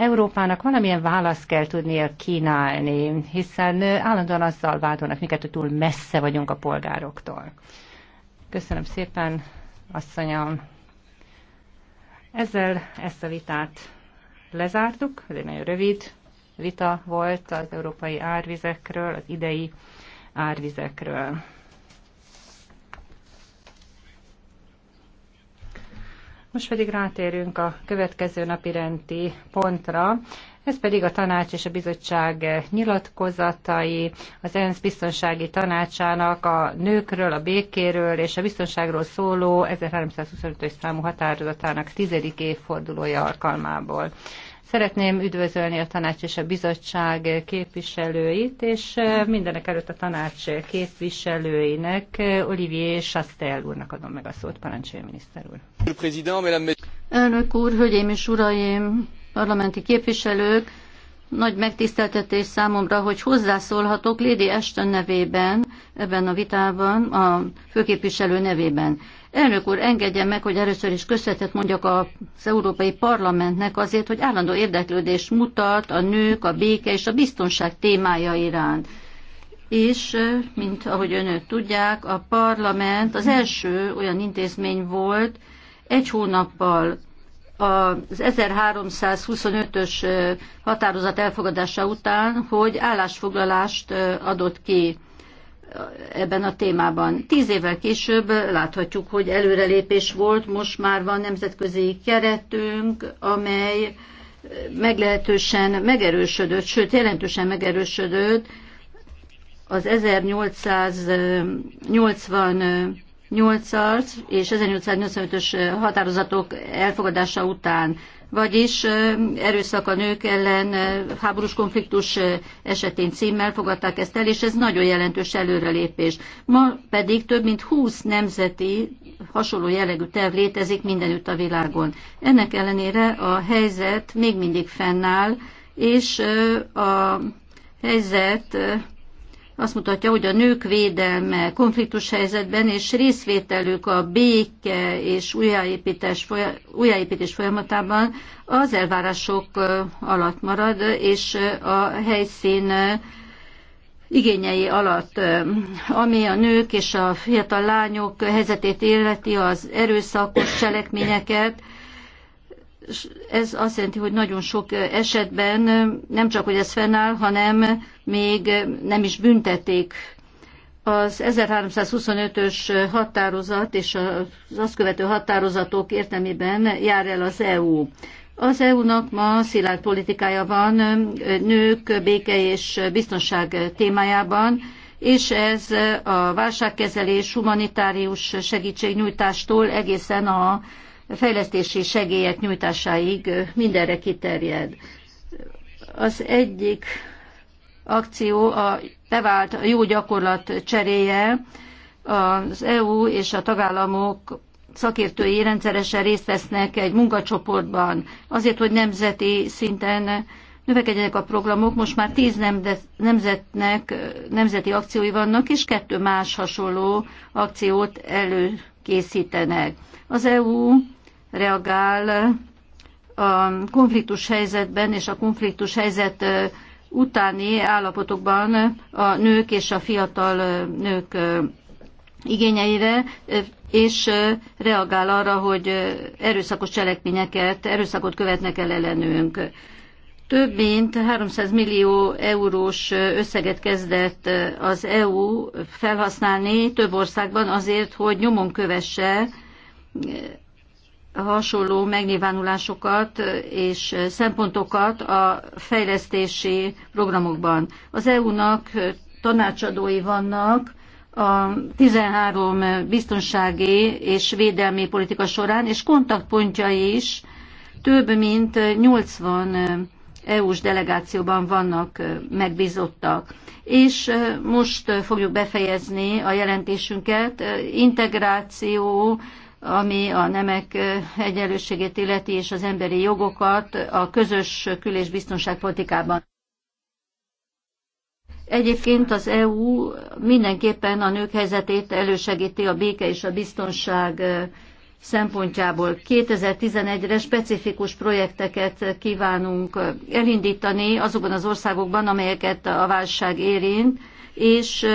Európának valamilyen választ kell tudnia kínálni, hiszen állandóan azzal vádolnak minket, hogy túl messze vagyunk a polgároktól. Köszönöm szépen, asszonyom. Ezzel ezt a vitát lezártuk, ez egy nagyon rövid vita volt az európai árvizekről, az idei árvizekről. Most pedig rátérünk a következő napi rendi pontra, ez pedig a tanács és a bizottság nyilatkozatai, az ENSZ biztonsági tanácsának a nőkről, a békéről és a biztonságról szóló 1325-ös számú határozatának tizedik évfordulója alkalmából. Szeretném üdvözölni a tanács és a bizottság képviselőit, és mindenek előtt a tanács képviselőinek, Olivier Chastel úrnak adom meg a szót, parancsolja miniszter úr. Elnök úr, hölgyeim és uraim, parlamenti képviselők, nagy megtiszteltetés számomra, hogy hozzászólhatok Lady Ashton nevében ebben a vitában, a főképviselő nevében. Elnök úr, engedje meg, hogy először is köszönetet mondjak az Európai Parlamentnek azért, hogy állandó érdeklődés mutat a nők, a béke és a biztonság témája iránt. És, eh, mint ahogy önök tudják, a parlament az első olyan intézmény volt egy hónappal az 1325-ös eh, határozat elfogadása után, hogy állásfoglalást eh, adott ki ebben a témában. Tíz évvel később láthatjuk, hogy előrelépés volt, most már van nemzetközi keretünk, amely meglehetősen megerősödött, sőt jelentősen megerősödött az 1880 as és 1885-ös határozatok elfogadása után vagyis erőszak a nők ellen háborús konfliktus esetén címmel fogadták ezt el, és ez nagyon jelentős előrelépés. Ma pedig több mint 20 nemzeti hasonló jellegű terv létezik mindenütt a világon. Ennek ellenére a helyzet még mindig fennáll, és a helyzet azt mutatja, hogy a nők védelme konfliktus helyzetben és részvételük a béke és újjáépítés, újjáépítés folyamatában az elvárások alatt marad, és a helyszín igényei alatt, ami a nők és a fiatal lányok helyzetét illeti, az erőszakos cselekményeket, ez azt jelenti, hogy nagyon sok esetben nem csak, hogy ez fennáll, hanem még nem is büntették az 1325-ös határozat és az azt követő határozatok értelmében jár el az EU. Az EU-nak ma szilárd politikája van nők, béke és biztonság témájában, és ez a válságkezelés, humanitárius segítségnyújtástól egészen a fejlesztési segélyek nyújtásáig mindenre kiterjed. Az egyik akció a bevált jó gyakorlat cseréje. Az EU és a tagállamok szakértői rendszeresen részt vesznek egy munkacsoportban, azért, hogy nemzeti szinten növekedjenek a programok. Most már tíz nemzetnek nemzeti akciói vannak, és kettő más hasonló akciót előkészítenek. Az EU reagál a konfliktus helyzetben és a konfliktus helyzet utáni állapotokban a nők és a fiatal nők igényeire, és reagál arra, hogy erőszakos cselekményeket, erőszakot követnek el ellenünk. Több mint 300 millió eurós összeget kezdett az EU felhasználni több országban azért, hogy nyomon kövesse hasonló megnyilvánulásokat és szempontokat a fejlesztési programokban. Az EU-nak tanácsadói vannak a 13 biztonsági és védelmi politika során, és kontaktpontja is több mint 80 EU-s delegációban vannak megbízottak. És most fogjuk befejezni a jelentésünket. Integráció, ami a nemek egyenlőségét illeti és az emberi jogokat a közös kül- és biztonságpolitikában. Egyébként az EU mindenképpen a nők helyzetét elősegíti a béke és a biztonság szempontjából 2011-re specifikus projekteket kívánunk elindítani azokban az országokban, amelyeket a válság érint, és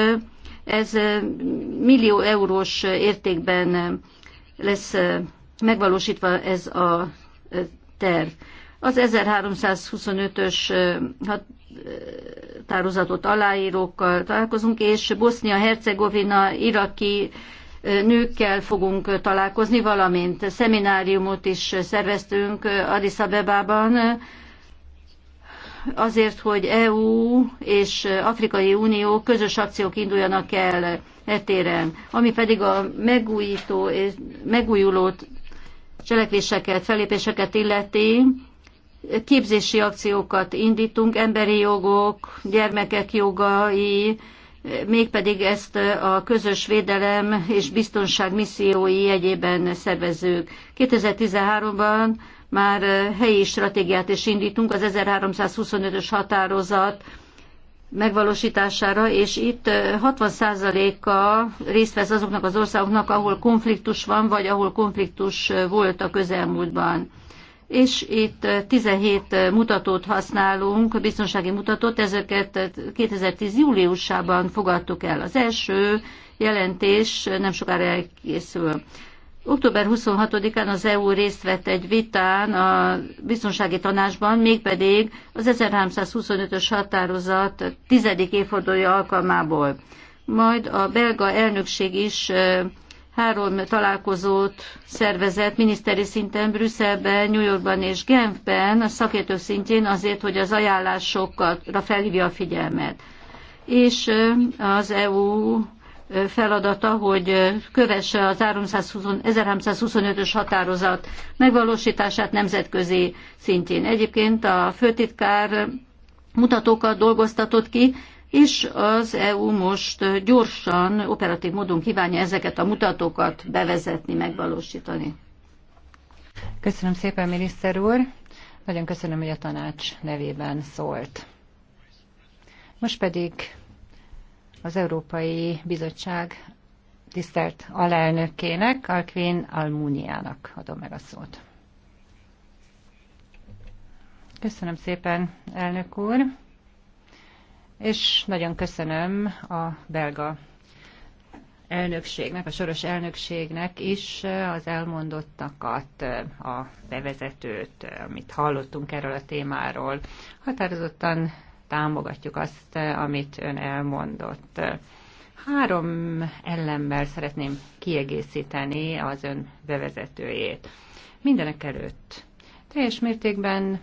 ez millió eurós értékben lesz megvalósítva ez a terv. Az 1325-ös határozatot aláírókkal találkozunk, és Bosznia-Hercegovina, iraki nőkkel fogunk találkozni, valamint szemináriumot is szerveztünk Addis Abebában, azért, hogy EU és Afrikai Unió közös akciók induljanak el etéren, ami pedig a megújító és megújuló cselekvéseket, felépéseket illeti, képzési akciókat indítunk, emberi jogok, gyermekek jogai, mégpedig ezt a közös védelem és biztonság missziói jegyében szervezők 2013-ban már helyi stratégiát is indítunk, az 1325-ös határozat megvalósítására, és itt 60%-a részt vesz azoknak az országoknak, ahol konfliktus van, vagy ahol konfliktus volt a közelmúltban. És itt 17 mutatót használunk, biztonsági mutatót, ezeket 2010. júliusában fogadtuk el. Az első jelentés nem sokára elkészül. Október 26-án az EU részt vett egy vitán a biztonsági tanácsban, mégpedig az 1325-ös határozat tizedik évfordulója alkalmából. Majd a belga elnökség is három találkozót szervezett miniszteri szinten Brüsszelben, New Yorkban és Genfben a szakértő szintjén azért, hogy az ajánlásokra felhívja a figyelmet. És az EU feladata, hogy kövesse az 1325-ös határozat megvalósítását nemzetközi szintjén. Egyébként a főtitkár mutatókat dolgoztatott ki, és az EU most gyorsan, operatív módon kívánja ezeket a mutatókat bevezetni, megvalósítani. Köszönöm szépen, miniszter úr. Nagyon köszönöm, hogy a tanács nevében szólt. Most pedig az Európai Bizottság tisztelt alelnökének, alkvén Almúniának adom meg a szót. Köszönöm szépen, elnök úr, és nagyon köszönöm a belga elnökségnek, a soros elnökségnek is az elmondottakat, a bevezetőt, amit hallottunk erről a témáról. Határozottan támogatjuk azt, amit ön elmondott. Három ellenben szeretném kiegészíteni az ön bevezetőjét. Mindenek előtt teljes mértékben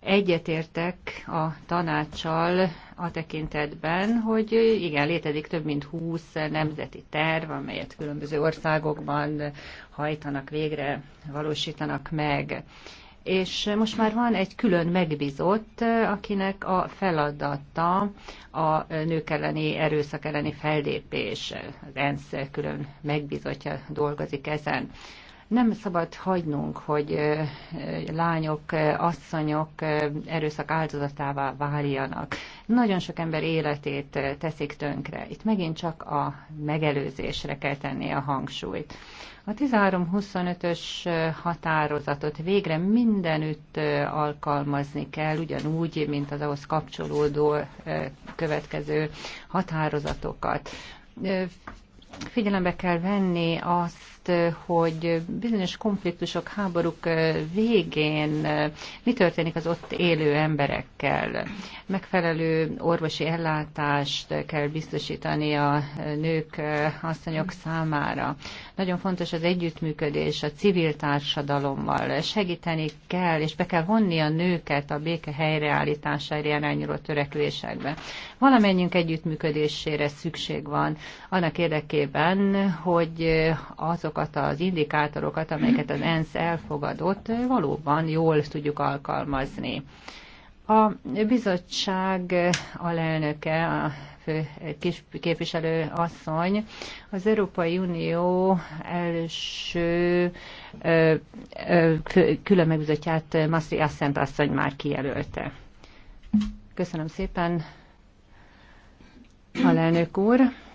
egyetértek a tanácsal a tekintetben, hogy igen, létezik több mint 20 nemzeti terv, amelyet különböző országokban hajtanak végre, valósítanak meg és most már van egy külön megbízott, akinek a feladata a nők elleni erőszak elleni fellépés. Az ENSZ külön megbízottja dolgozik ezen. Nem szabad hagynunk, hogy lányok, asszonyok erőszak áldozatává váljanak. Nagyon sok ember életét teszik tönkre. Itt megint csak a megelőzésre kell tenni a hangsúlyt. A 13-25-ös határozatot végre mindenütt alkalmazni kell, ugyanúgy, mint az ahhoz kapcsolódó következő határozatokat. Figyelembe kell venni azt, azt, eh, hogy bizonyos konfliktusok, háborúk eh, végén eh, mi történik az ott élő emberekkel. Megfelelő orvosi ellátást kell biztosítani a nők, asszonyok számára. Nagyon fontos az együttműködés a civil társadalommal. Segíteni kell, és be kell vonni a nőket a béke helyreállítására irányuló törekvésekbe. Valamennyünk együttműködésére szükség van annak érdekében, hogy azok azokat az indikátorokat, amelyeket az ENSZ elfogadott, valóban jól tudjuk alkalmazni. A bizottság alelnöke, a fő képviselő asszony, az Európai Unió első külön megbizottját Masri Assent asszony már kijelölte. Köszönöm szépen, alelnök úr!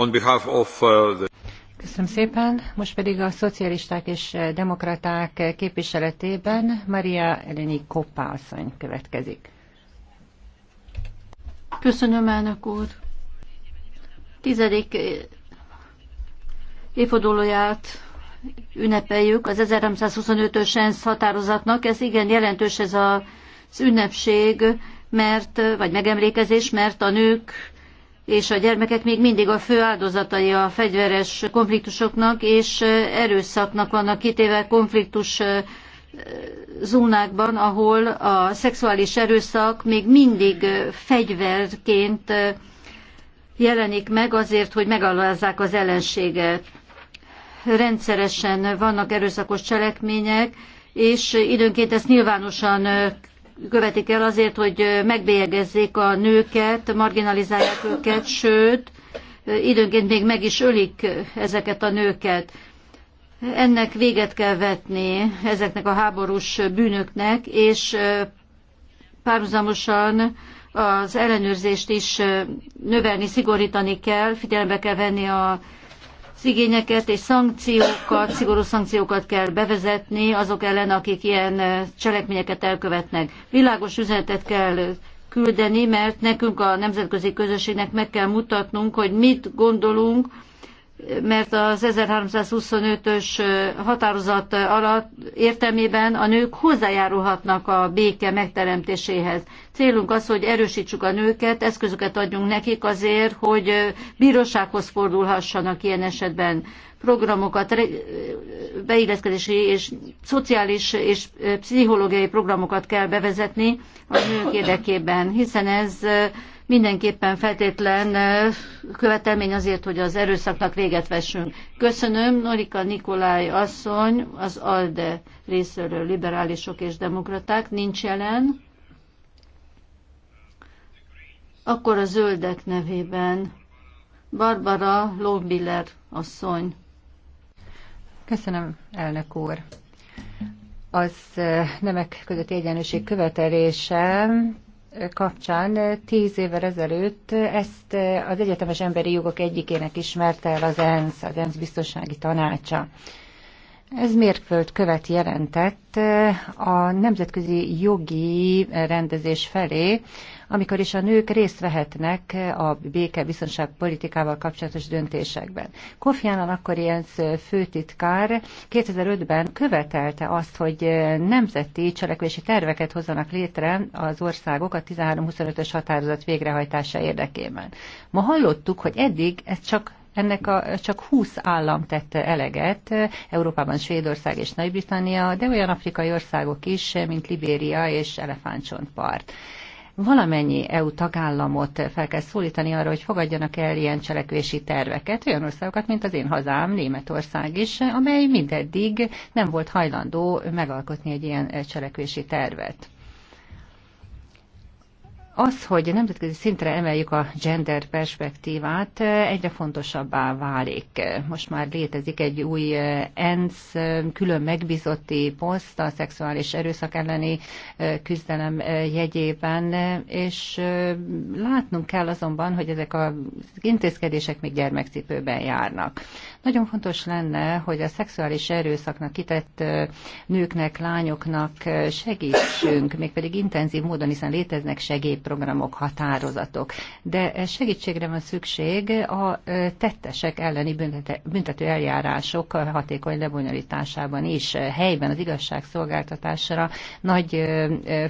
Uh, Köszönöm szépen. Most pedig a szocialisták és uh, demokraták képviseletében Maria Eleni Koppa asszony következik. Köszönöm, elnök úr. Tizedik eh, évfordulóját ünnepeljük az 1325-ös ENSZ határozatnak. Ez igen jelentős ez az ünnepség, mert, vagy megemlékezés, mert a nők és a gyermekek még mindig a fő áldozatai a fegyveres konfliktusoknak és erőszaknak vannak kitéve konfliktus zónákban, ahol a szexuális erőszak még mindig fegyverként jelenik meg azért, hogy megalázzák az ellenséget. Rendszeresen vannak erőszakos cselekmények, és időnként ezt nyilvánosan követik el azért, hogy megbélyegezzék a nőket, marginalizálják őket, sőt, időnként még meg is ölik ezeket a nőket. Ennek véget kell vetni, ezeknek a háborús bűnöknek, és párhuzamosan az ellenőrzést is növelni, szigorítani kell, figyelembe kell venni a igényeket és szankciókat, szigorú szankciókat kell bevezetni azok ellen, akik ilyen cselekményeket elkövetnek. Világos üzenetet kell küldeni, mert nekünk a nemzetközi közösségnek meg kell mutatnunk, hogy mit gondolunk, mert az 1325-ös határozat alatt értelmében a nők hozzájárulhatnak a béke megteremtéséhez. Célunk az, hogy erősítsük a nőket, eszközöket adjunk nekik azért, hogy bírósághoz fordulhassanak ilyen esetben programokat, beilleszkedési és szociális és pszichológiai programokat kell bevezetni a nők érdekében, hiszen ez mindenképpen feltétlen követelmény azért, hogy az erőszaknak véget vessünk. Köszönöm, Norika Nikolaj asszony, az ALDE részéről liberálisok és demokraták nincs jelen. Akkor a zöldek nevében Barbara Lóbiller asszony. Köszönöm, elnök úr az nemek közötti egyenlőség követelése kapcsán tíz évvel ezelőtt ezt az egyetemes emberi jogok egyikének ismerte el az ENSZ, az ENSZ biztonsági tanácsa. Ez mérföldkövet jelentett eh, a nemzetközi jogi rendezés felé, amikor is a nők részt vehetnek eh, a béke politikával kapcsolatos döntésekben. Kofi Annan akkori ENSZ főtitkár 2005-ben követelte azt, hogy eh, nemzeti cselekvési terveket hozzanak létre az országok a 13-25-ös határozat végrehajtása érdekében. Ma hallottuk, hogy eddig ez csak ennek a, csak 20 állam tette eleget, Európában Svédország és Nagy-Britannia, de olyan afrikai országok is, mint Libéria és Elefántcsontpart valamennyi EU tagállamot fel kell szólítani arra, hogy fogadjanak el ilyen cselekvési terveket, olyan országokat, mint az én hazám, Németország is, amely mindeddig nem volt hajlandó megalkotni egy ilyen cselekvési tervet az, hogy a nemzetközi szintre emeljük a gender perspektívát, egyre fontosabbá válik. Most már létezik egy új eh, ENSZ eh, külön megbízotti poszt a szexuális erőszak elleni eh, küzdelem jegyében, és látnunk kell azonban, hogy ezek az intézkedések még gyermekcipőben járnak. Nagyon fontos lenne, hogy a szexuális erőszaknak kitett nőknek, lányoknak segítsünk, mégpedig intenzív módon, hiszen léteznek segélyprogramok, határozatok. De e segítségre van szükség a tettesek elleni büntető eljárások hatékony lebonyolításában is. Helyben az igazságszolgáltatásra nagy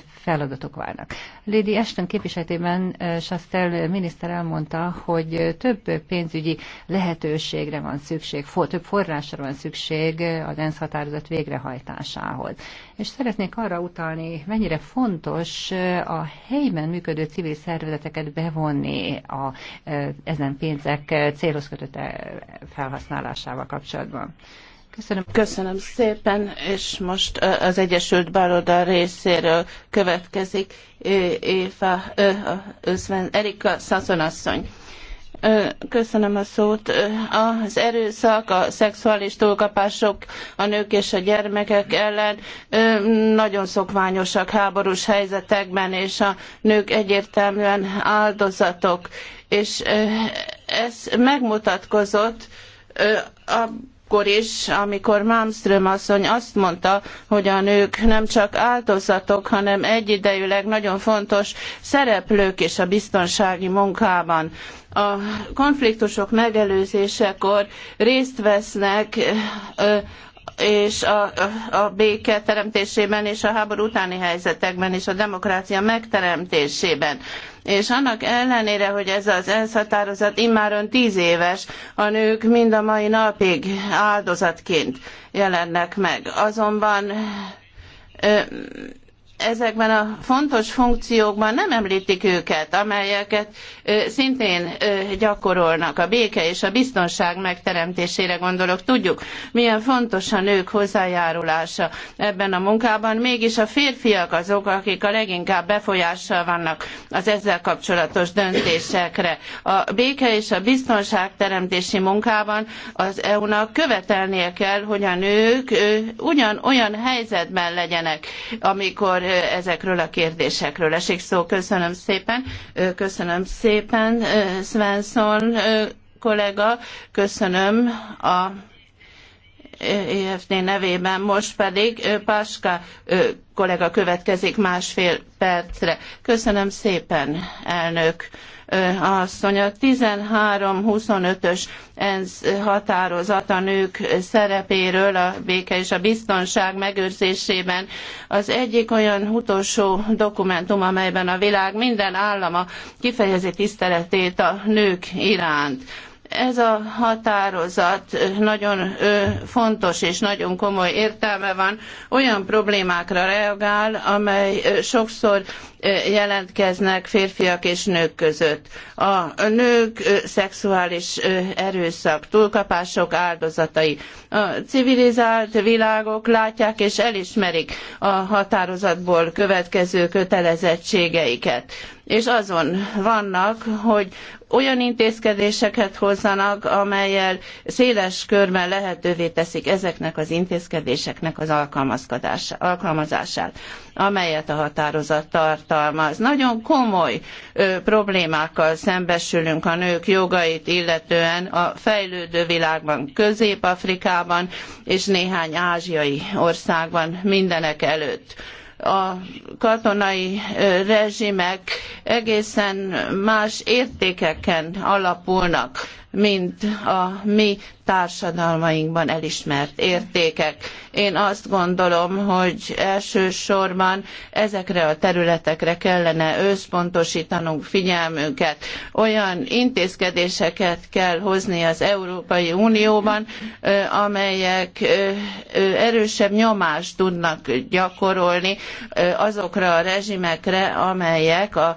feladatok várnak. Lady Ashton képviseletében Sasszel miniszter elmondta, hogy több pénzügyi lehetőségre van szükség szükség, több forrásra van szükség az ENSZ határozat végrehajtásához. És szeretnék arra utalni, mennyire fontos a helyben működő civil szervezeteket bevonni a e, ezen pénzek célhoz kötött e, felhasználásával kapcsolatban. Köszönöm. Köszönöm szépen, és most e, az Egyesült Baloldal részéről következik Éva, Erika Szazonasszony. Köszönöm a szót. Az erőszak, a szexuális túlkapások a nők és a gyermekek ellen nagyon szokványosak háborús helyzetekben, és a nők egyértelműen áldozatok. És ez megmutatkozott a akkor is, amikor Malmström asszony azt mondta, hogy a nők nem csak áldozatok, hanem egyidejűleg nagyon fontos szereplők is a biztonsági munkában. A konfliktusok megelőzésekor részt vesznek és a, a béke teremtésében és a háború utáni helyzetekben és a demokrácia megteremtésében. És annak ellenére, hogy ez az ENSZ határozat immáron tíz éves, a nők mind a mai napig áldozatként jelennek meg. Azonban ö, ezekben a fontos funkciókban nem említik őket, amelyeket szintén gyakorolnak a béke és a biztonság megteremtésére gondolok. Tudjuk, milyen fontos a nők hozzájárulása ebben a munkában, mégis a férfiak azok, akik a leginkább befolyással vannak az ezzel kapcsolatos döntésekre. A béke és a biztonság teremtési munkában az EU-nak követelnie kell, hogy a nők ugyanolyan helyzetben legyenek, amikor ezekről a kérdésekről esik szó. Köszönöm szépen, köszönöm szépen Svensson kollega, köszönöm a EFD nevében, most pedig Páska kollega következik másfél percre. Köszönöm szépen, elnök asszony. A 13-25-ös ENSZ határozat a nők szerepéről a béke és a biztonság megőrzésében az egyik olyan utolsó dokumentum, amelyben a világ minden állama kifejezi tiszteletét a nők iránt ez a határozat nagyon fontos és nagyon komoly értelme van, olyan problémákra reagál, amely sokszor jelentkeznek férfiak és nők között. A nők szexuális erőszak, túlkapások áldozatai. A civilizált világok látják és elismerik a határozatból következő kötelezettségeiket és azon vannak, hogy olyan intézkedéseket hozzanak, amellyel széles körben lehetővé teszik ezeknek az intézkedéseknek az alkalmazását, amelyet a határozat tart tartalmaz. Nagyon komoly ö, problémákkal szembesülünk a nők jogait, illetően a fejlődő világban, Közép-Afrikában és néhány ázsiai országban mindenek előtt a katonai rezsimek egészen más értékeken alapulnak mint a mi társadalmainkban elismert értékek. Én azt gondolom, hogy elsősorban ezekre a területekre kellene összpontosítanunk figyelmünket. Olyan intézkedéseket kell hozni az Európai Unióban, amelyek erősebb nyomást tudnak gyakorolni azokra a rezsimekre, amelyek a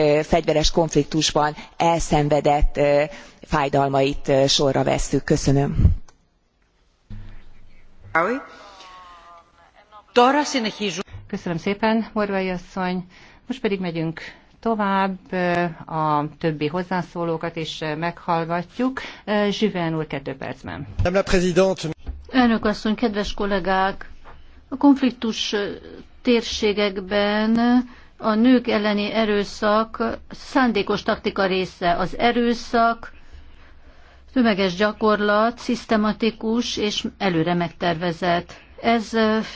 fegyveres konfliktusban elszenvedett fájdalmait sorra vesszük. köszönöm. Köszönöm szépen, Morvai asszony. Most pedig megyünk tovább, a többi hozzászólókat is meghallgatjuk. Zsüven úr, kettő percben. Elnök asszony, kedves kollégák! A konfliktus térségekben a nők elleni erőszak szándékos taktika része. Az erőszak tömeges gyakorlat, szisztematikus és előre megtervezett. Ez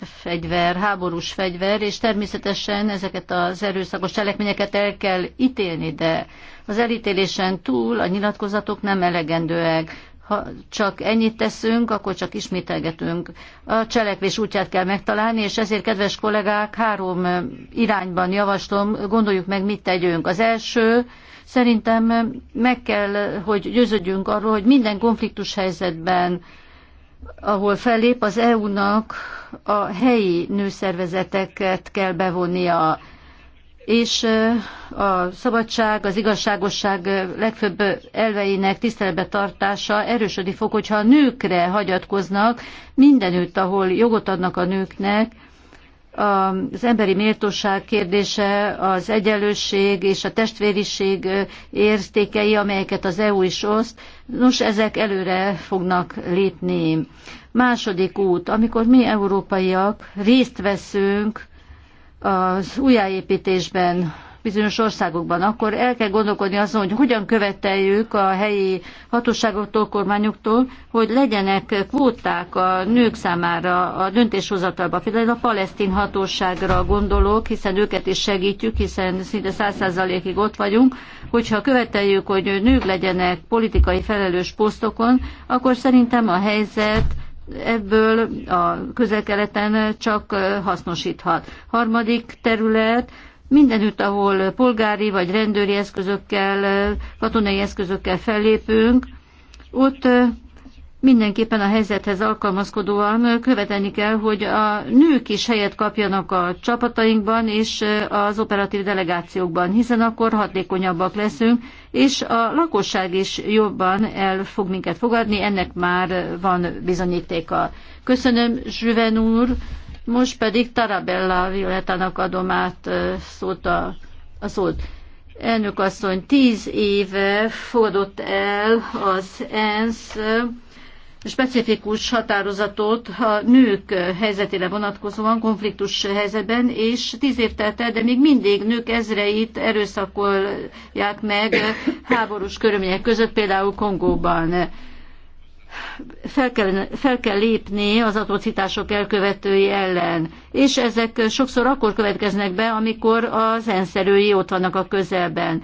fegyver, háborús fegyver, és természetesen ezeket az erőszakos cselekményeket el kell ítélni, de az elítélésen túl a nyilatkozatok nem elegendőek ha csak ennyit teszünk, akkor csak ismételgetünk. A cselekvés útját kell megtalálni, és ezért, kedves kollégák, három irányban javaslom, gondoljuk meg, mit tegyünk. Az első, szerintem meg kell, hogy győződjünk arról, hogy minden konfliktus helyzetben, ahol fellép az EU-nak, a helyi nőszervezeteket kell bevonnia és a szabadság, az igazságosság legfőbb elveinek tiszteletbe tartása erősödni fog, hogyha a nőkre hagyatkoznak mindenütt, ahol jogot adnak a nőknek, az emberi méltóság kérdése, az egyenlőség és a testvériség értékei, amelyeket az EU is oszt, nos, ezek előre fognak lépni. Második út, amikor mi európaiak részt veszünk az újjáépítésben bizonyos országokban, akkor el kell gondolkodni azon, hogy hogyan követeljük a helyi hatóságoktól, kormányoktól, hogy legyenek kvóták a nők számára a döntéshozatalba. Például a palesztin hatóságra gondolok, hiszen őket is segítjük, hiszen szinte száz százalékig ott vagyunk. Hogyha követeljük, hogy nők legyenek politikai felelős posztokon, akkor szerintem a helyzet ebből a közelkeleten csak hasznosíthat. Harmadik terület, mindenütt, ahol polgári vagy rendőri eszközökkel, katonai eszközökkel fellépünk, ott mindenképpen a helyzethez alkalmazkodóan követelni kell, hogy a nők is helyet kapjanak a csapatainkban és az operatív delegációkban, hiszen akkor hatékonyabbak leszünk, és a lakosság is jobban el fog minket fogadni, ennek már van bizonyítéka. Köszönöm, Zsüven úr, most pedig Tarabella Violetának adom át szót a, a szót. Elnök asszony, tíz éve fogadott el az ENSZ specifikus határozatot a nők helyzetére vonatkozóan konfliktus helyzetben, és tíz év telt el, de még mindig nők ezreit erőszakolják meg háborús körülmények között, például Kongóban. Fel kell, fel kell lépni az atrocitások elkövetői ellen, és ezek sokszor akkor következnek be, amikor az enszerői ott vannak a közelben.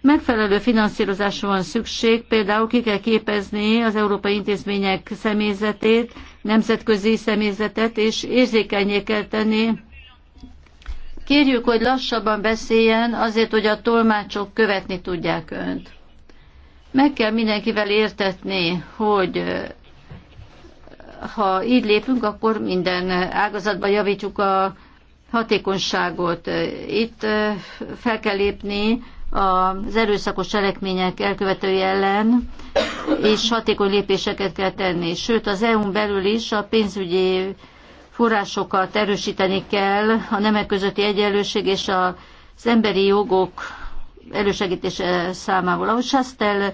Megfelelő finanszírozásra van szükség, például ki kell képezni az európai intézmények személyzetét, nemzetközi személyzetet, és érzékenyé kell tenni. Kérjük, hogy lassabban beszéljen, azért, hogy a tolmácsok követni tudják önt. Meg kell mindenkivel értetni, hogy ha így lépünk, akkor minden ágazatban javítjuk a hatékonyságot. Itt fel kell lépni az erőszakos cselekmények elkövetői ellen és hatékony lépéseket kell tenni. Sőt, az EU-n belül is a pénzügyi forrásokat erősíteni kell, a nemek közötti egyenlőség és az emberi jogok elősegítése számával. Ahogy Sastel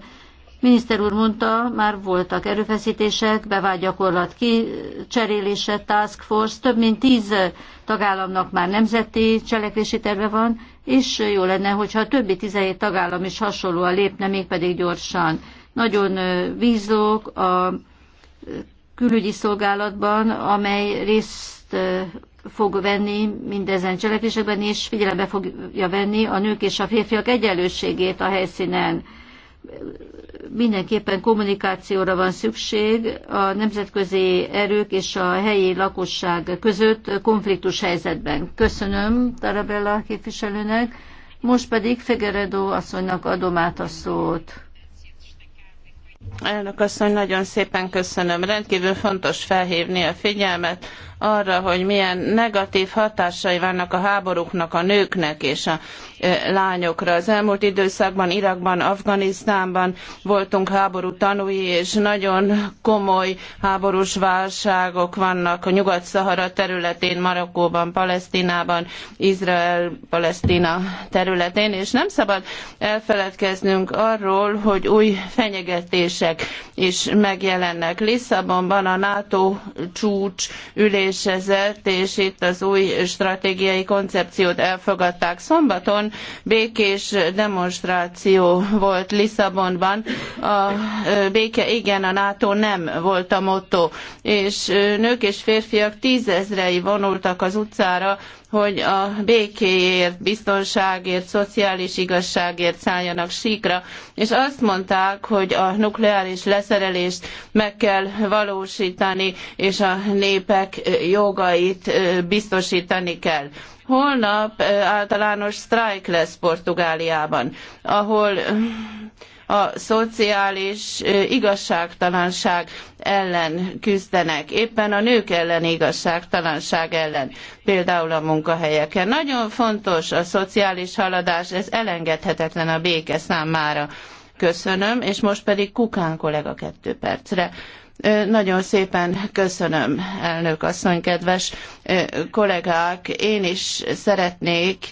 Miniszter úr mondta, már voltak erőfeszítések, bevált gyakorlat kicserélése, task force, több mint tíz tagállamnak már nemzeti cselekvési terve van, és jó lenne, hogyha a többi 17 tagállam is hasonlóan lépne, mégpedig gyorsan. Nagyon vízlók a külügyi szolgálatban, amely részt fog venni mindezen cselekvésekben, és figyelembe fogja venni a nők és a férfiak egyenlőségét a helyszínen mindenképpen kommunikációra van szükség a nemzetközi erők és a helyi lakosság között konfliktus helyzetben. Köszönöm Tarabella képviselőnek, most pedig Figueredo asszonynak adom át a szót. Elnök asszony, nagyon szépen köszönöm. Rendkívül fontos felhívni a figyelmet arra, hogy milyen negatív hatásai vannak a háborúknak a nőknek és a e, lányokra. Az elmúlt időszakban Irakban, Afganisztánban voltunk háború tanúi, és nagyon komoly háborús válságok vannak a Nyugat-Szahara területén, Marokkóban, Palesztinában, Izrael-Palesztina területén, és nem szabad elfeledkeznünk arról, hogy új fenyegetés kérdések is megjelennek. Lisszabonban a NATO csúcs ülésezett, és itt az új stratégiai koncepciót elfogadták. Szombaton békés demonstráció volt Lisszabonban. A béke igen, a NATO nem volt a motto, és nők és férfiak tízezrei vonultak az utcára, hogy a békéért, biztonságért, szociális igazságért szálljanak síkra, és azt mondták, hogy a nukleáris leszerelést meg kell valósítani, és a népek jogait biztosítani kell. Holnap általános sztrájk lesz Portugáliában, ahol a szociális igazságtalanság ellen küzdenek, éppen a nők ellen igazságtalanság ellen, például a munkahelyeken. Nagyon fontos a szociális haladás, ez elengedhetetlen a béke számára. Köszönöm, és most pedig Kukán kollega kettő percre. Nagyon szépen köszönöm, elnök asszony, kedves kollégák. Én is szeretnék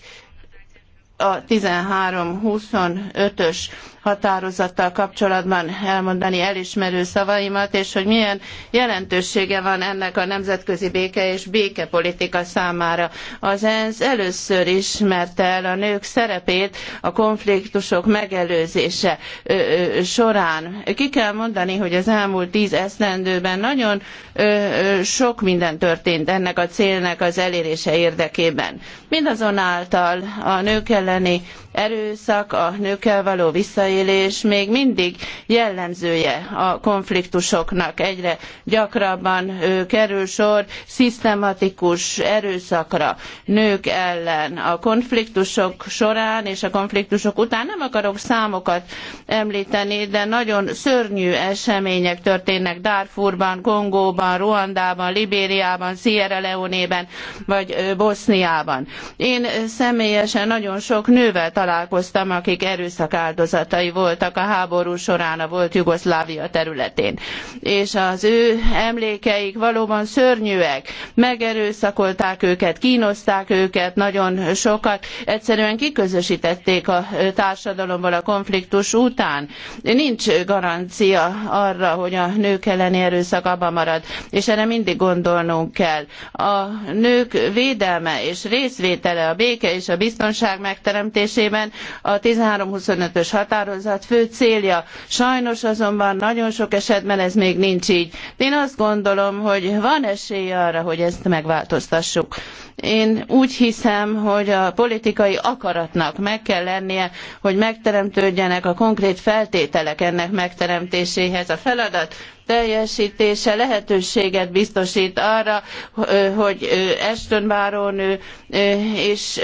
a 13-25-ös határozattal kapcsolatban elmondani elismerő szavaimat, és hogy milyen jelentősége van ennek a nemzetközi béke és békepolitika számára. Az ENSZ először ismerte el a nők szerepét a konfliktusok megelőzése során. Ki kell mondani, hogy az elmúlt tíz esztendőben nagyon sok minden történt ennek a célnak az elérése érdekében. Mindazonáltal a nők elleni erőszak, a nőkkel való visszaélés még mindig jellemzője a konfliktusoknak. Egyre gyakrabban kerül sor szisztematikus erőszakra nők ellen. A konfliktusok során és a konfliktusok után nem akarok számokat említeni, de nagyon szörnyű események történnek Darfurban, Kongóban, Ruandában, Libériában, Sierra Leone-ben vagy Boszniában. Én személyesen nagyon sok nővel találkoztam, akik erőszak áldozatai voltak a háború során a volt Jugoszlávia területén. És az ő emlékeik valóban szörnyűek. Megerőszakolták őket, kínozták őket nagyon sokat. Egyszerűen kiközösítették a társadalomból a konfliktus után. Nincs garancia arra, hogy a nők elleni erőszak abba marad, és erre mindig gondolnunk kell. A nők védelme és részvétele a béke és a biztonság megteremtésében esetében a 1325-ös határozat fő célja. Sajnos azonban nagyon sok esetben ez még nincs így. Én azt gondolom, hogy van esély arra, hogy ezt megváltoztassuk. Én úgy hiszem, hogy a politikai akaratnak meg kell lennie, hogy megteremtődjenek a konkrét feltételek ennek megteremtéséhez. A feladat teljesítése lehetőséget biztosít arra, hogy Ashton Bárónő és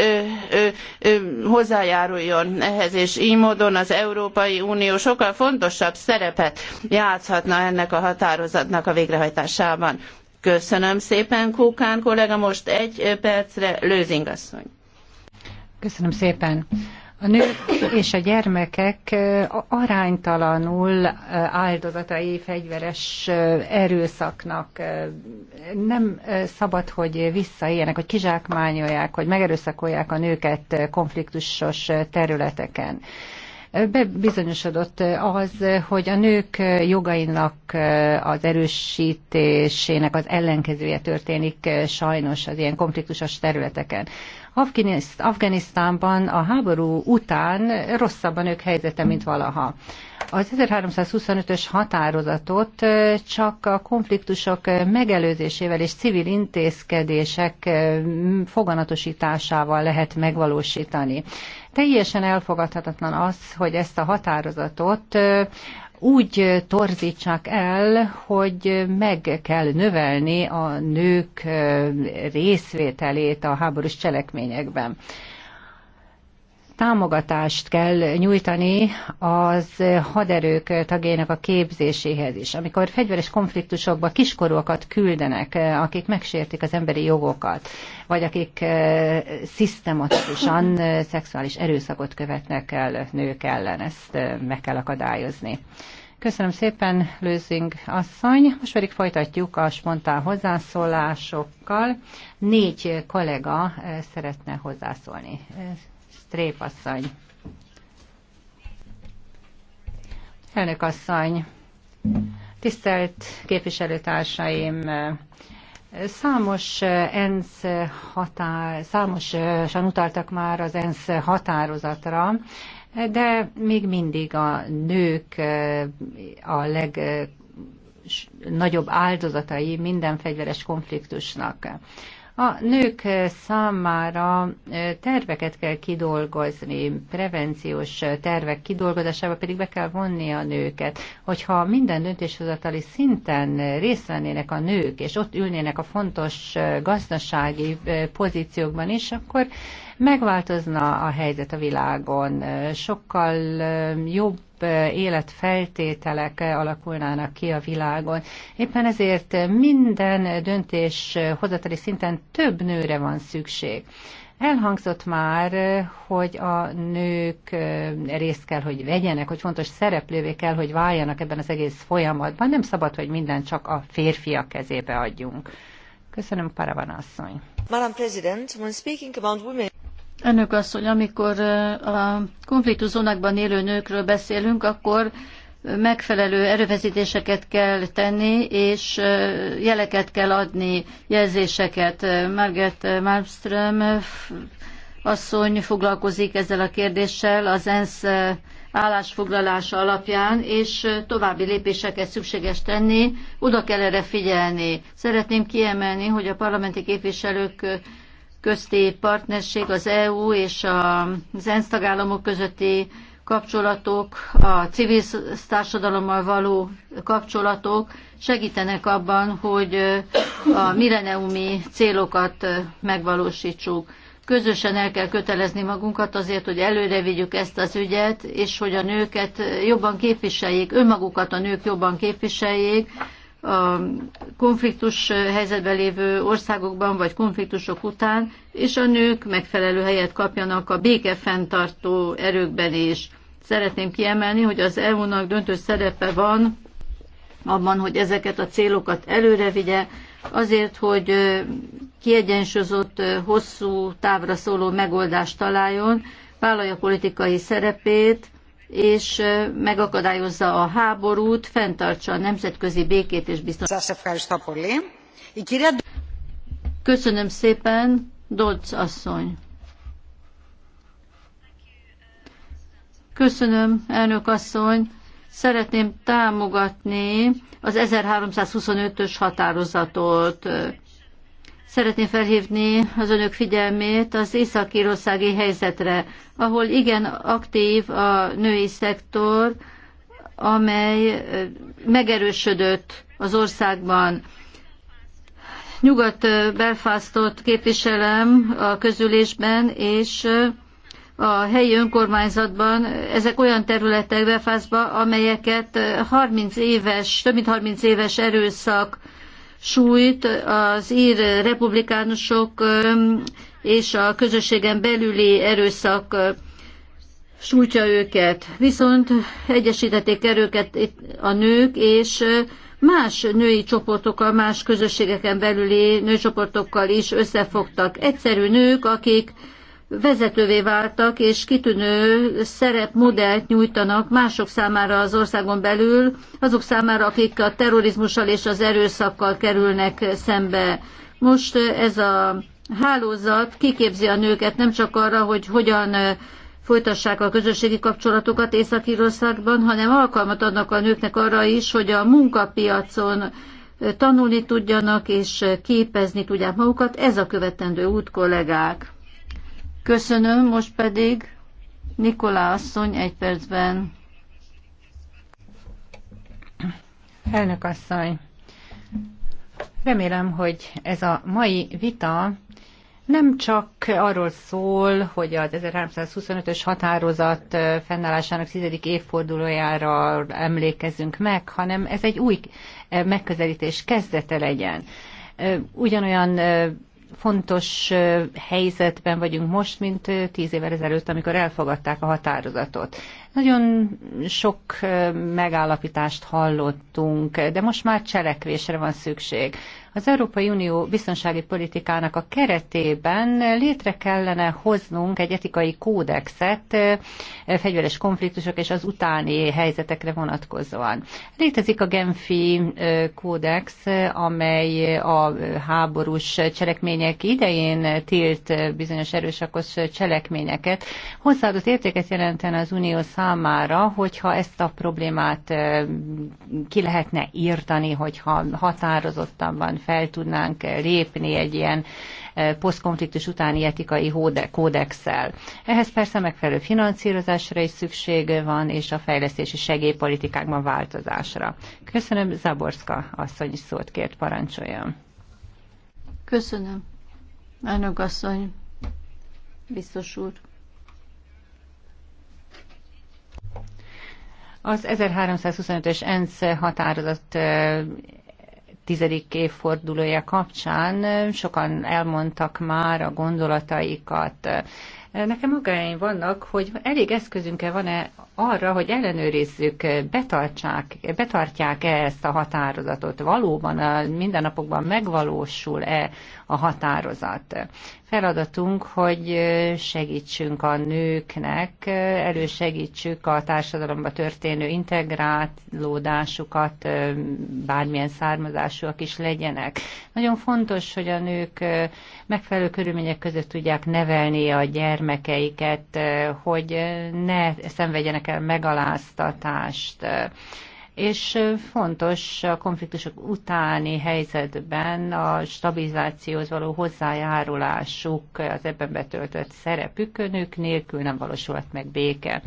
hozzájáruljon ehhez, és így módon az Európai Unió sokkal fontosabb szerepet játszhatna ennek a határozatnak a végrehajtásában. Köszönöm szépen, Kukán kollega, most egy percre Lőzing asszony. Köszönöm szépen. A nők és a gyermekek aránytalanul áldozatai fegyveres erőszaknak. Nem szabad, hogy visszaéljenek, hogy kizsákmányolják, hogy megerőszakolják a nőket konfliktusos területeken bebizonyosodott az, hogy a nők jogainak az erősítésének az ellenkezője történik sajnos az ilyen konfliktusos területeken. Afganisztánban a háború után rosszabban ők helyzete, mint valaha. Az 1325-ös határozatot csak a konfliktusok megelőzésével és civil intézkedések foganatosításával lehet megvalósítani. Teljesen elfogadhatatlan az, hogy ezt a határozatot úgy torzítsák el, hogy meg kell növelni a nők részvételét a háborús cselekményekben támogatást kell nyújtani az haderők tagjainak a képzéséhez is. Amikor fegyveres konfliktusokba kiskorúakat küldenek, akik megsértik az emberi jogokat, vagy akik eh, szisztematikusan eh, szexuális erőszakot követnek el nők ellen, ezt eh, meg kell akadályozni. Köszönöm szépen, Lőzing asszony. Most pedig folytatjuk a spontán hozzászólásokkal. Négy kollega szeretne hozzászólni. Strép Elnök asszony, tisztelt képviselőtársaim, Számos ENSZ határ, számosan utaltak már az ENSZ határozatra, de még mindig a nők a legnagyobb áldozatai minden fegyveres konfliktusnak. A nők számára terveket kell kidolgozni, prevenciós tervek kidolgozásába pedig be kell vonni a nőket. Hogyha minden döntéshozatali szinten részt vennének a nők, és ott ülnének a fontos gazdasági pozíciókban is, akkor megváltozna a helyzet a világon. Sokkal jobb életfeltételek alakulnának ki a világon. Éppen ezért minden döntés hozatali szinten több nőre van szükség. Elhangzott már, hogy a nők részt kell, hogy vegyenek, hogy fontos szereplővé kell, hogy váljanak ebben az egész folyamatban. Nem szabad, hogy mindent csak a férfiak kezébe adjunk. Köszönöm, Paravan asszony. Madam President, when speaking about women... Önök azt, hogy amikor a konfliktuszónakban élő nőkről beszélünk, akkor megfelelő erőfeszítéseket kell tenni, és jeleket kell adni, jelzéseket. Margaret Malmström asszony foglalkozik ezzel a kérdéssel az ENSZ állásfoglalása alapján, és további lépéseket szükséges tenni, oda kell erre figyelni. Szeretném kiemelni, hogy a parlamenti képviselők közti partnerség, az EU és az ENSZ tagállamok közötti kapcsolatok, a civil társadalommal való kapcsolatok segítenek abban, hogy a milleniumi célokat megvalósítsuk. Közösen el kell kötelezni magunkat azért, hogy előre vigyük ezt az ügyet, és hogy a nőket jobban képviseljék, önmagukat a nők jobban képviseljék, a konfliktus helyzetben lévő országokban, vagy konfliktusok után, és a nők megfelelő helyet kapjanak a békefenntartó erőkben is. Szeretném kiemelni, hogy az EU-nak döntő szerepe van abban, hogy ezeket a célokat előre vigye, azért, hogy kiegyensúlyozott, hosszú távra szóló megoldást találjon, vállalja politikai szerepét, és megakadályozza a háborút, fenntartsa a nemzetközi békét és biztonságot. Köszönöm szépen, Dodds asszony. Köszönöm, elnök asszony. Szeretném támogatni az 1325-ös határozatot. Szeretném felhívni az önök figyelmét az észak-írországi helyzetre, ahol igen aktív a női szektor, amely megerősödött az országban. Nyugat-Belfastot képviselem a közülésben, és a helyi önkormányzatban ezek olyan területek Belfastban, amelyeket 30 éves, több mint 30 éves erőszak súlyt az ír republikánusok és a közösségen belüli erőszak sújtja őket. Viszont egyesítették erőket a nők, és más női csoportokkal, más közösségeken belüli nőcsoportokkal is összefogtak. Egyszerű nők, akik vezetővé váltak, és kitűnő szerepmodellt nyújtanak mások számára az országon belül, azok számára, akik a terrorizmussal és az erőszakkal kerülnek szembe. Most ez a hálózat kiképzi a nőket nem csak arra, hogy hogyan folytassák a közösségi kapcsolatokat Észak-Írországban, hanem alkalmat adnak a nőknek arra is, hogy a munkapiacon tanulni tudjanak és képezni tudják magukat. Ez a követendő út, kollégák. Köszönöm, most pedig Nikolá asszony egy percben. Elnök asszony, remélem, hogy ez a mai vita nem csak arról szól, hogy az 1325-ös határozat fennállásának tizedik évfordulójára emlékezünk meg, hanem ez egy új megközelítés kezdete legyen. Ugyanolyan fontos helyzetben vagyunk most, mint tíz évvel ezelőtt, amikor elfogadták a határozatot. Nagyon sok megállapítást hallottunk, de most már cselekvésre van szükség. Az Európai Unió biztonsági politikának a keretében létre kellene hoznunk egy etikai kódexet fegyveres konfliktusok és az utáni helyzetekre vonatkozóan. Létezik a Genfi kódex, amely a háborús cselekmények idején tilt bizonyos erőszakos cselekményeket. Hozzáadott értéket jelenten az Unió számára, hogyha ezt a problémát ki lehetne írtani, hogyha van fel tudnánk lépni egy ilyen e, posztkonfliktus utáni etikai kódexsel. Ehhez persze megfelelő finanszírozásra is szükség van, és a fejlesztési segélypolitikákban változásra. Köszönöm, Zaborska asszony is szót kért, parancsoljon. Köszönöm. Elnök asszony, biztos úr. Az 1325-ös ENSZ határozat e, tizedik évfordulója kapcsán sokan elmondtak már a gondolataikat. Nekem magáim vannak, hogy elég eszközünk-e van-e arra, hogy ellenőrizzük, betartsák, betartják-e ezt a határozatot, valóban a mindennapokban megvalósul-e a határozat. Feladatunk, hogy segítsünk a nőknek, elősegítsük a társadalomba történő integrálódásukat, bármilyen származásúak is legyenek. Nagyon fontos, hogy a nők megfelelő körülmények között tudják nevelni a gyermekeiket, hogy ne szenvedjenek megaláztatást. És fontos a konfliktusok utáni helyzetben a stabilizációhoz való hozzájárulásuk, az ebben betöltött szerepük, nők nélkül nem valósulhat meg béke.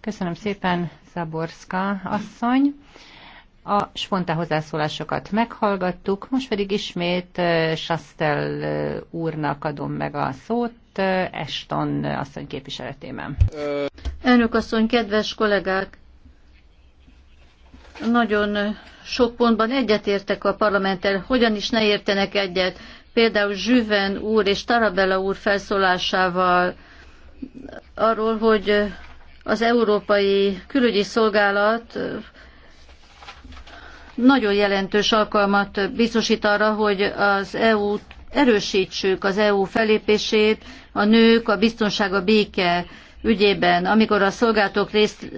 Köszönöm szépen, Zaborska asszony. A spontán hozzászólásokat meghallgattuk, most pedig ismét eh, Sastel eh, úrnak adom meg a szót, itt Eston asszony képviseletében. Elnök asszony, kedves kollégák! Nagyon sok pontban egyetértek a parlamenttel, hogyan is ne értenek egyet. Például Zsüven úr és Tarabella úr felszólásával arról, hogy az Európai Külügyi Szolgálat nagyon jelentős alkalmat biztosít arra, hogy az EU-t erősítsük az EU felépését, a nők, a biztonság, a béke ügyében. Amikor a szolgálatok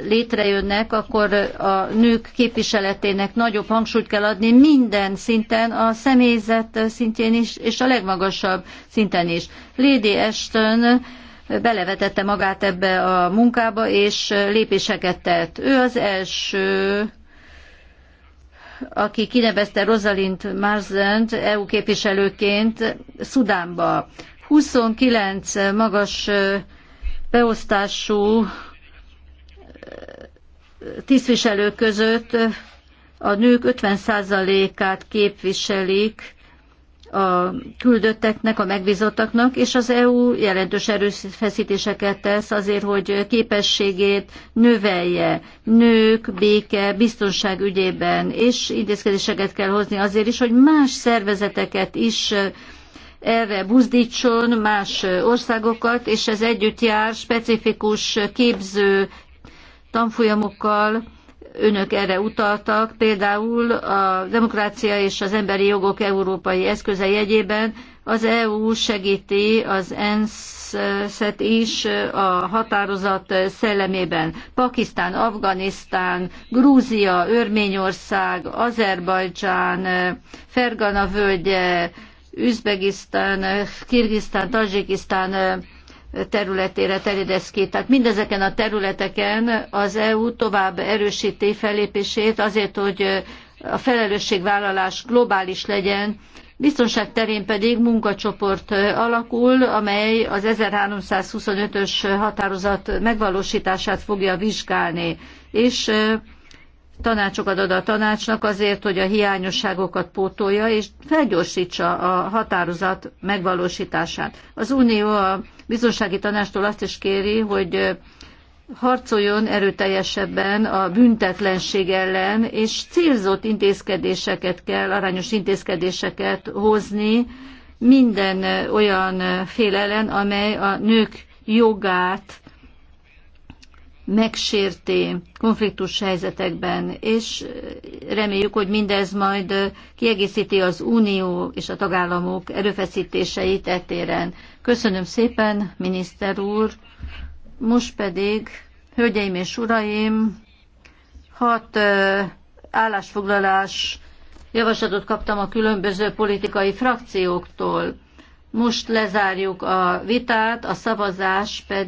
létrejönnek, akkor a nők képviseletének nagyobb hangsúlyt kell adni minden szinten, a személyzet szintjén is, és a legmagasabb szinten is. Lady Ashton belevetette magát ebbe a munkába, és lépéseket tett. Ő az első aki kinevezte Rosalind Marzent EU képviselőként Szudánba. 29 magas beosztású tisztviselő között a nők 50%-át képviselik a küldötteknek, a megbízottaknak, és az EU jelentős erőfeszítéseket tesz azért, hogy képességét növelje nők, béke, biztonság ügyében, és intézkedéseket kell hozni azért is, hogy más szervezeteket is erre buzdítson más országokat, és ez együtt jár specifikus képző tanfolyamokkal, önök erre utaltak, például a demokrácia és az emberi jogok európai eszköze jegyében az EU segíti az ENSZ-et is a határozat szellemében. Pakisztán, Afganisztán, Grúzia, Örményország, Azerbajdzsán, Fergana völgye, Üzbegisztán, Kirgisztán, Tajikisztán területére terjedez ki. Tehát mindezeken a területeken az EU tovább erősíti fellépését azért, hogy a felelősségvállalás globális legyen, Biztonság terén pedig munkacsoport alakul, amely az 1325-ös határozat megvalósítását fogja vizsgálni, és tanácsokat ad a tanácsnak azért, hogy a hiányosságokat pótolja, és felgyorsítsa a határozat megvalósítását. Az Unió a biztonsági tanástól azt is kéri, hogy harcoljon erőteljesebben a büntetlenség ellen, és célzott intézkedéseket kell, arányos intézkedéseket hozni minden olyan fél ellen, amely a nők jogát megsérti konfliktus helyzetekben, és reméljük, hogy mindez majd kiegészíti az Unió és a tagállamok erőfeszítéseit etéren. Köszönöm szépen, miniszter úr! Most pedig, hölgyeim és uraim, hat állásfoglalás javaslatot kaptam a különböző politikai frakcióktól. Most lezárjuk a vitát, a szavazás pedig